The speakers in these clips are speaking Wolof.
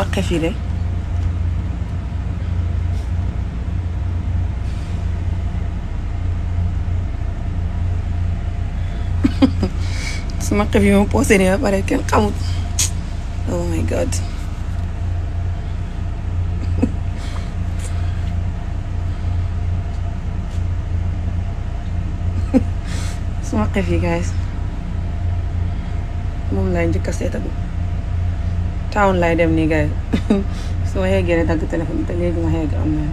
makafire su maqaf yi ma posé nii ba pare kenn xamut oh my god su maqaf yi guys moom laa njëkk a town laay dem nii gars yi su ma yeggee dagg téléphone te léegi ma yegg am na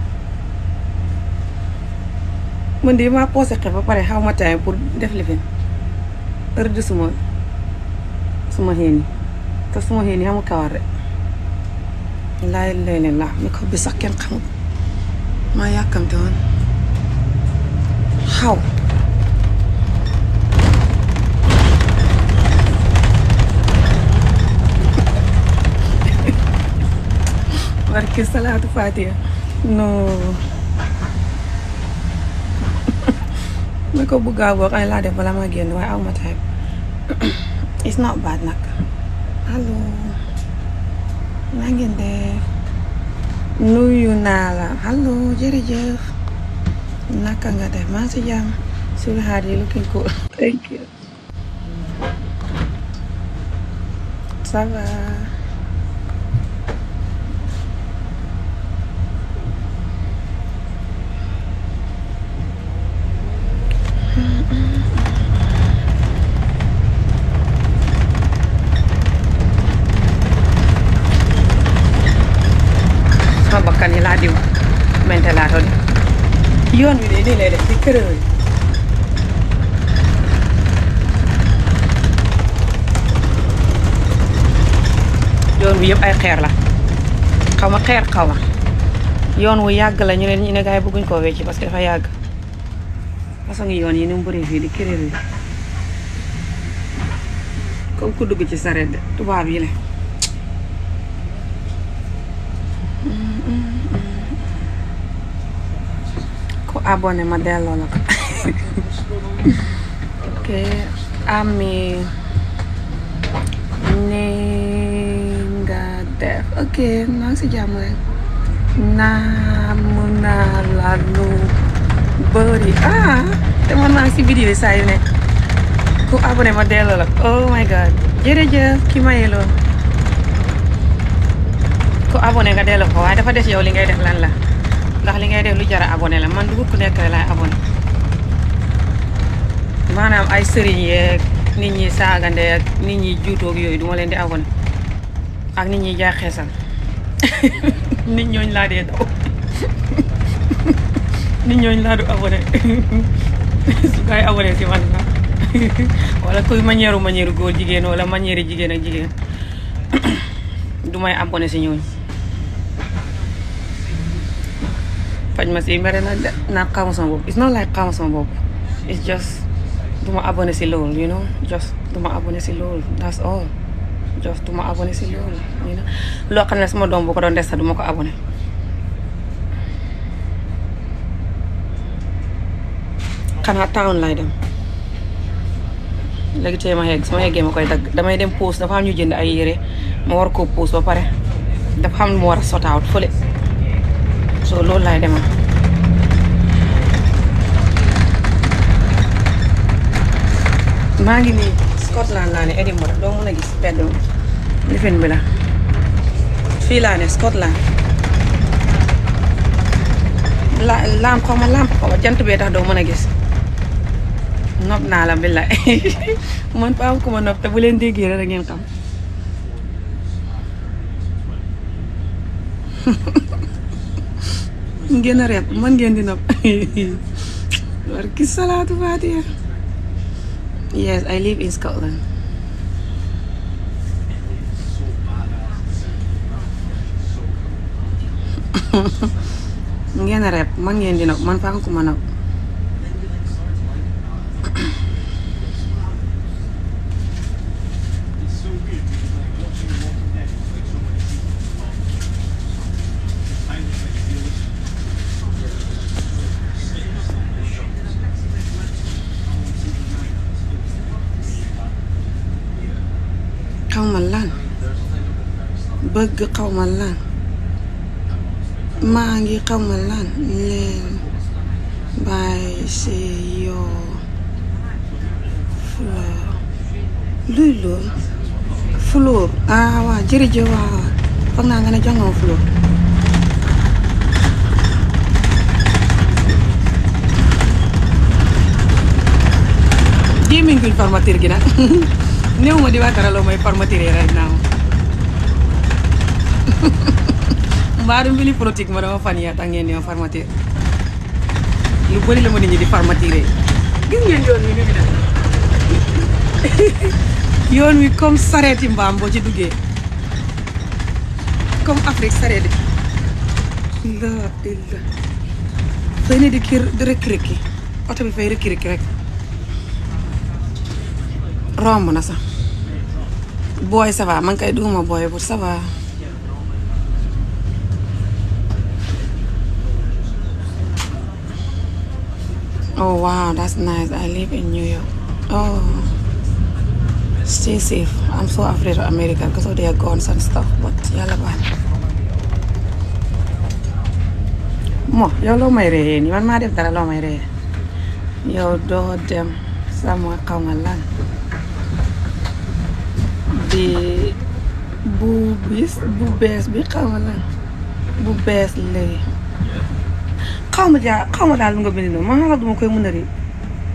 man de maa posé xel ba pare xaw ma time pour def lifin rëdd suma suma xéeni te suma xéeni xamul kawar rek laay lay leen laa mi ko bi sax kenn xamul maa yàkkamte woon xaw barke salaatu faatiha non ma ko buggaa boo xam ne laa def bala ma waaye aw ma time it's not bad nag allo naa ngeen def nuyu naa la allo jërëjëf naka nga def maa si jàmm suñu xaar yi looking cool thank you ça guddi lay def ci kërëw yi yoon bi yëpp ay xeer la xaw ma xeer xaw ma yoon wu yàgg la ñu ne ñu ne gars yi bëgguñ koo wecci parce que dafa yàgg façon ngi yoon yi ni mu bëree fii di kërëw yi ko ku dugg ci sareet de tubaab yi la abonné ma delloo la ko ok ami ni def ok maa ngi si jàmm rek naa mun naa la lu bëri ah te mën naa si vidéo saa ma delloo la ko oh my god jërëjëf ki ma loolu ku abonné nga delloo ko waaye dafa def yow li ngay def lan la ndax li ngay def lu jara abonné la man du ku nekk laay abonné maanaam ay sëriñ nit ñi saagande ak nit ñi juutoog yooyu duma leen di abonné ak nit ñi jaay xeesal nit ñooñ laa dee daw nit ñooñ laa du abonné su kay abonné si man la wala kuy manière góor jigéen wala manière jigéen ak jigéen du may abonné si ñooñ fañ ma si mere na naan xaw ma sama bopp it's not like xaw ma sama si loolu you know just duma abonné si si loolu you know loo xam ne sama doom bu ko doon des sax duma ko abonné xanaa town lay dem léegi tey ma yegg sama yeggee ma koy dagg damay dem pause dafa am ñu jënd ay yére ma war koo pause ba pare dafa xam lu war a sotawut fële so loolu laay demal maa ngi nii Scotland laa ne Edinburgh doo mën a gis pedd lifin bi la fii laa ne Scotland la lamp xaw ma lamp xaw ma jant bee tax doo mën a gis nopp naa la bi la man fa am ma nopp te bu leen déggee rek ngeen xam ngeen a repp mën ngeen di nopp war ki salaatu faatiha yes I live in Scotland ngeen a repp mën ngeen di nopp man faa nga ko ma nopp bëgg xaw ma lan maa ngi xaw ma lan leen bàyyi si yoo fleur luy loolu fleur ah waaw jërëjëf waaw foog naa nga ne jàngoo fleur gi nag néew ma di waatara loo mooy formateur yi right now mbaa du mbili politique ma dama fan yaa tax ngeen ñëw farmatir lu bëri la ma nit ñi di farmatiré gis ngeen yoon wi ni mu def yoon wi comme sareeti mbaam boo ci duggee comme Afrique sareeti la illa fay ne di kir di rëkki rëkki oto bi fay rëkki rëkki rek romb na sax booy ça man kay duguma booy bu ça Oh wow, that's nice. I live in New York. Oh, stay safe. I'm so afraid of America because of their guns and stuff. But yàlla baax na. mo yow loo may reyee nii man maa def dara loo may reyee. yow doo dem sama lan. di bu bis bi xaw lan bu bees xaw ma jaa xaw ma daal lu nga bind noonu man xalaat duma koy mën a rii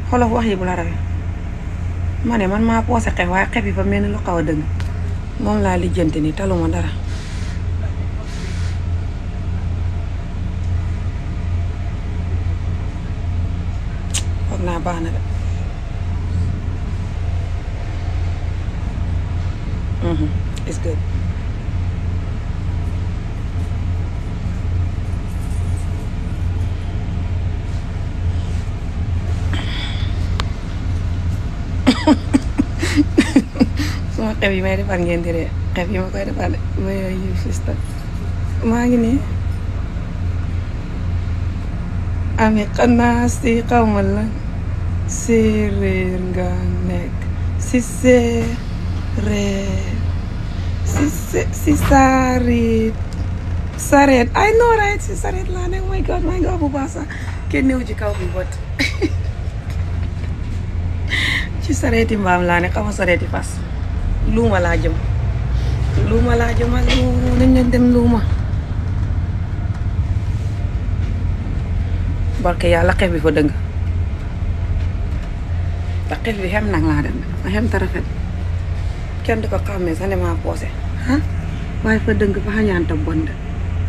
xolof wax yi bu la rawee ma ne man maa poose xef waaye xef yi fa mel ni lu xaw a dëng moom laa lijjanti ni taluma dara foog naa baax na de mhm, it's good xew yi may defar ngeen di ree xew ma koy defar de ma yooyu yiw sista maa ngi nii ami xanaa si xawma la séeréer si séeréer si si si sareet laa nekk oh my god maa ngi wax bu baax sax kenn néew ci kaw bi bot ci sareeti laa ne xawma sareeti fas luuma laa jëm luuma laa jëm ak luuma nañ dem luuma barke yàlla xef bi fa dëng ndax xef bi xem nag laa dem ma xem ta rafet kenn du ko xàmmee sa ne maa poose ah waaye fa dëng fa xañaanta bond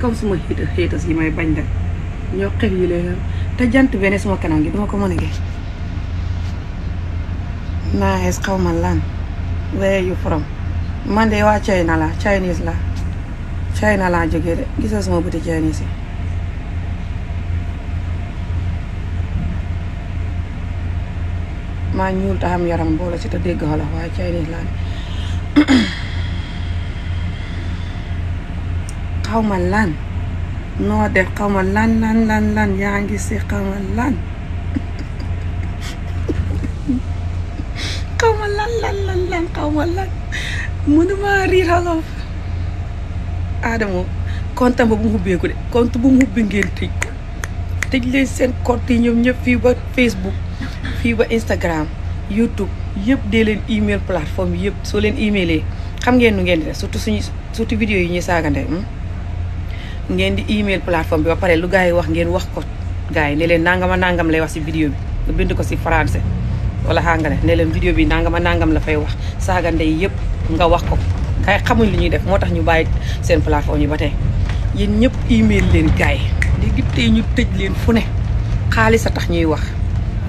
comme suma xiita xiitas yi may bañ de ñoo xef yi léeg te jant bene suma kanam gi duma ko mën a gis naa xees xaw ma lan where you from man de waa China la Chinese la China laa jóge de gisoo sama bëti Chinese yi maa ñuul te yaram boola si te dégg xolof waaye Chinese laa de xaw ma lan noo def xaw ma lan lan lan yaa ngi si xaw lan lan lan lan lan xaw ma lan mënuma riir xalof Adamo compte ba bu mu ubbeeku de compte bu mu ubbi ngeen tëj tëj leen seen compte yi ñoom ñëpp fii ba Facebook fii ba Instagram YouTube yëpp dee leen email plateforme yëpp soo leen emailee xam ngeen nu ngeen di def suñu surtout vidéo yi ñuy saagande hmm? ngeen di email plateforme bi ba pare lu gars yi wax ngeen wax ko gaa yi ne leen nangama nangam lay wax si vidéo bi nga bind ko si français wala xaa neleen ne ne leen vidéo bi nangam nangam la fay wax saaga ndey yëpp nga wax ko kay xamuñ li ñuy def moo tax ñu bàyyi seen plateforme yi ba tey yéen ñëpp email leen gaay di tey ñu tëj leen fu ne xaalis a tax ñuy wax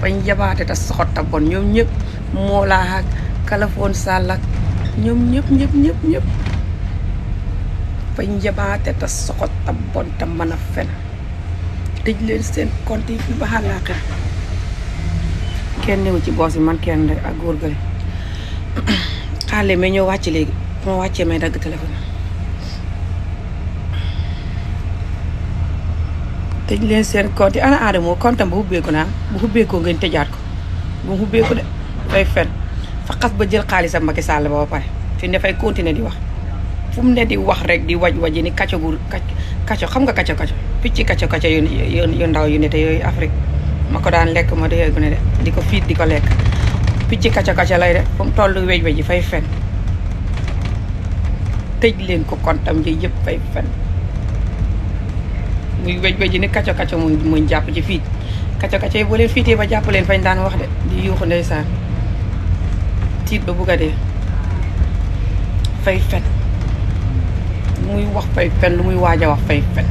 fañ jabaate te soxot ta bon ñoom ñëpp moolaa ñoom ñëpp ñëpp ñëpp ñëpp fañ jabaate te ta bon mën a fen tëj leen seen compte yi fi baxalaaqe kenn newu ci boos yi man kenn ak góor gële xaale mais ñoo wàcc léegi bu ma wàccee may dagg téléphone tëj leen seen compte yi ana Adamo comptam ba xubbeeku naa bu xubbeekoo ngeen tëjaat ko bu xubbeeku de day fen fa xas ba jël xaalisam Macky Sall ba ba pare fi dafay continuer di wax fu mu ne di wax rek di waj waji ni kacco gu kacco xam nga kacco kacco picc kacco kacco yu yu ndaw yu ne te yooyu Afrique ma ko daan lekk ma dee gune de di ko fiit di ko lekk ci kaca kaca lay def fu mu toll wej wej fay fen tëj leen ko kontam ji yëpp fay fen muy wej wej ni kaca kaca mu muñ jàpp ci fiit kaca kaca yi boo leen fiitee ba jàpp leen fañ daan wax de di yuuxu ndeysaan tiit ba bugg a fay fen muy wax fay fen lu muy waaj a wax fay fen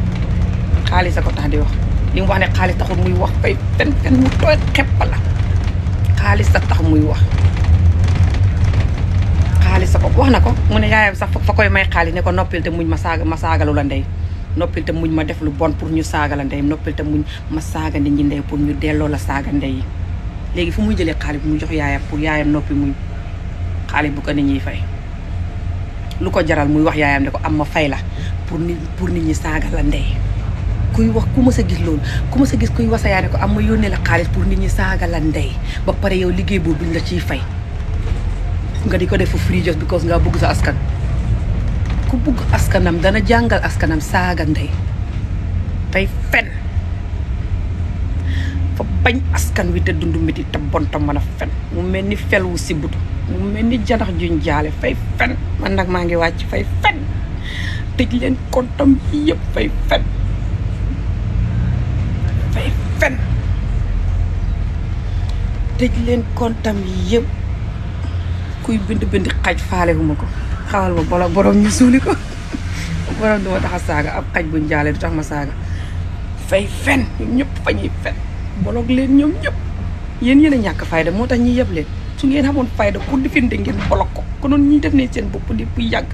xaalis a ko tax di wax li wax ne xaalis taxul muy wax fay fen mu tooy xepp la xaalis sa tax muy wax xaalis sa ko na ko mu ne yaayam sax fa koy may xaalis ne ko noppil te muñ ma saaga ma saagalu la ndey noppil te muñ ma def lu bon pour ñu saaga la ndey noppil te ma saaga nit ñi ndey pour ñu delloo la saaga ndey léegi fu muy jëlee xaalis bi mu jox yaayam pour yaayam noppi muñ xaalis bu ko nit ñiy fay lu ko jaral muy wax yaayam ne ko am ma fay la pour nit pour nit ñi saaga la ndey kuy wax ku mës a gis loolu ku mës a gis kuy wasayaane ko am ma yónnee la xaalis pour nit ñi saaga la ndey ba pare yow liggéey boobu duñ la ciy fay nga di ko def free just because nga bëgg sa askan ku bëgg askanam dana jàngal askanam saaga ndey tey fen fa bañ askan wi te dund métti te bon te a fen mu mel ni fel wu si mu mel ni janax juñ jaale fay fen man nag maa ngi wàcc fay fen tëj leen kontam yëpp fay fen tëj leen kon kontam yëpp kuy bind bind xaj faalewuma ko xawal ma bolo borom ñu suuli ko borom du tax a saaga ab xaj bu jaale du tax ma saaga fey fen ñoom ñëpp fa ñuy fen bolog leen ñoom ñëpp yéen yéen a ñàkk fayda moo tax ñuy yeb leen su ngeen xamoon fayda ku definde ngeen bolog ko konoon ñuy def ne seen bopp di bu yàgg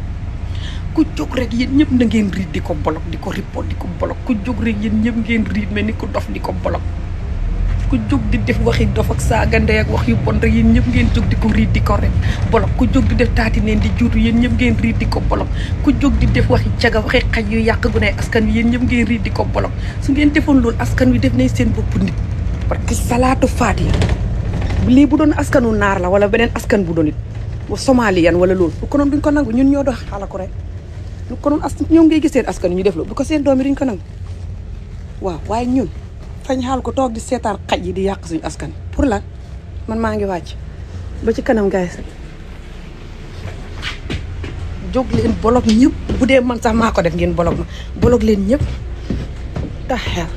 ku jóg rek yéen ñëpp na ngeen riit di ko bolog di ko rippot di ko bolog ku jóg rek yéen ñëpp ngeen riit mel ni ku dof di ko bolog ku jóg di def waxi dof ak saaga ndey ak wax yu bon rek yéen ñëpp ngeen jóg di ko riit di ko rek bolok ku jóg di def taati neen di juutu yéen ñëpp ngeen riit di ko bolok ku jóg di def waxi caga waxi xaj yu yàq gu ne askan wi yéen ñëpp ngeen riit di ko def nañ seen bopp nit parce que salaatu faatiha lii bu doon askanu naar la wala beneen askan bu doon it somaliyan wala loolu bu ko noon duñ ko nangu ñun ñoo dox xala ko rek lu ko noon as ñoom ngay gis askan ñu def loolu bu ko seen doom yi fañ xaal ko toog di seetaan xaj yi di yàq suñu askan pour lan man maa ngi wàcc ba ci kanam gaay jóg leen bolog ñëpp bu dee man sax maa ko def ngeen bolog ma bolog leen ñëpp tax xel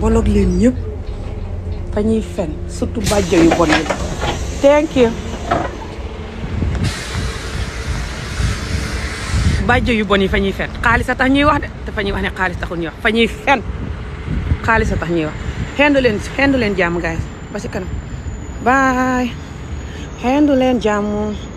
bolog leen ñëpp fa ñuy fen surtout bàjjo yu bon yi thank you bàjjo yu bon yi fa ñuy fen xaalis a tax ñuy wax de te fa ñuy wax ne xaalis taxul ñuy wax fa fen xaalis a tax ñuy wax xendu leen xendu leen jàmm gaay ba si kanam baay xendu leen jàmm